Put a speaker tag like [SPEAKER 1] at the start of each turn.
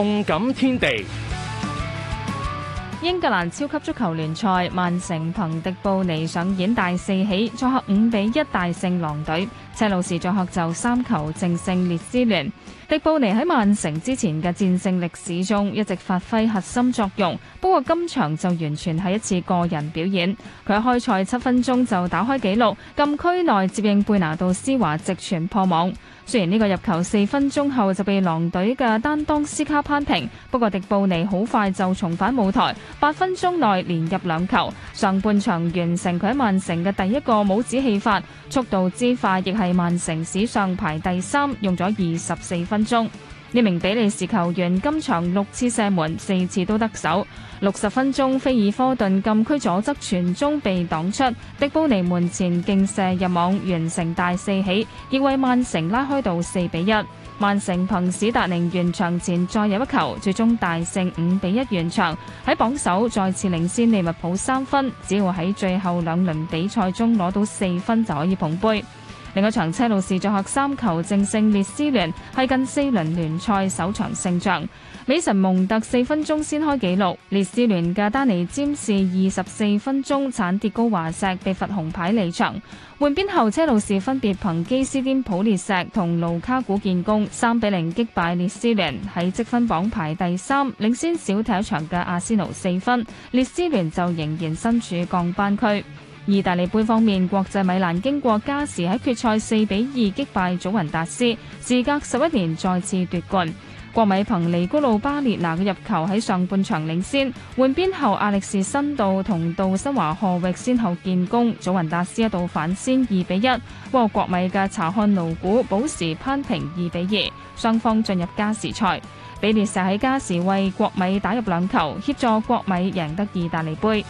[SPEAKER 1] 動感天地。英格蘭超級足球聯賽，曼城憑迪布尼上演大四喜，作客五比一大勝狼隊。車路士作客就三球淨勝列斯聯。迪布尼喺曼城之前嘅戰勝歷史中一直發揮核心作用，不過今場就完全係一次個人表演。佢開賽七分鐘就打開紀錄，禁區內接應貝拿度斯華直傳破網。雖然呢個入球四分鐘後就被狼隊嘅丹當斯卡扳平，不過迪布尼好快就重返舞台。八分鐘內連入兩球，上半場完成佢喺曼城嘅第一個帽子戲法，速度之快亦係曼城史上排第三，用咗二十四分鐘。呢名比利時球員今場六次射門四次都得手，六十分鐘菲爾科頓禁區左側傳中被擋出，迪布尼門前勁射入網完成大四喜，亦為曼城拉開到四比一。曼城憑史達寧完場前再入一球，最終大勝五比一完場，喺榜首再次領先利物浦三分，只要喺最後兩輪比賽中攞到四分就可以捧杯。另一場車路士作客三球淨勝列斯聯，係近四輪聯賽首場勝仗。美臣蒙特四分鐘先開紀錄，列斯聯嘅丹尼占士二十四分鐘鏟跌高華錫，被罰紅牌離場。換邊後，車路士分別憑基斯甸普列錫同盧卡古建功，三比零擊敗列斯聯，喺積分榜排第三，領先少踢場嘅阿仙奴四分。列斯聯就仍然身處降班區。意大利杯方面，國際米蘭經過加時喺決賽四比二擊敗祖雲達斯，時隔十一年再次奪冠。國米憑尼古魯巴列拿嘅入球喺上半場領先，換邊後阿力士辛道同杜新華賀域先後建功，祖雲達斯一度反先二比一，不過國米嘅查漢盧古保時攀平二比二，雙方進入加時賽。比列薩喺加時為國米打入兩球，協助國米贏得意大利杯。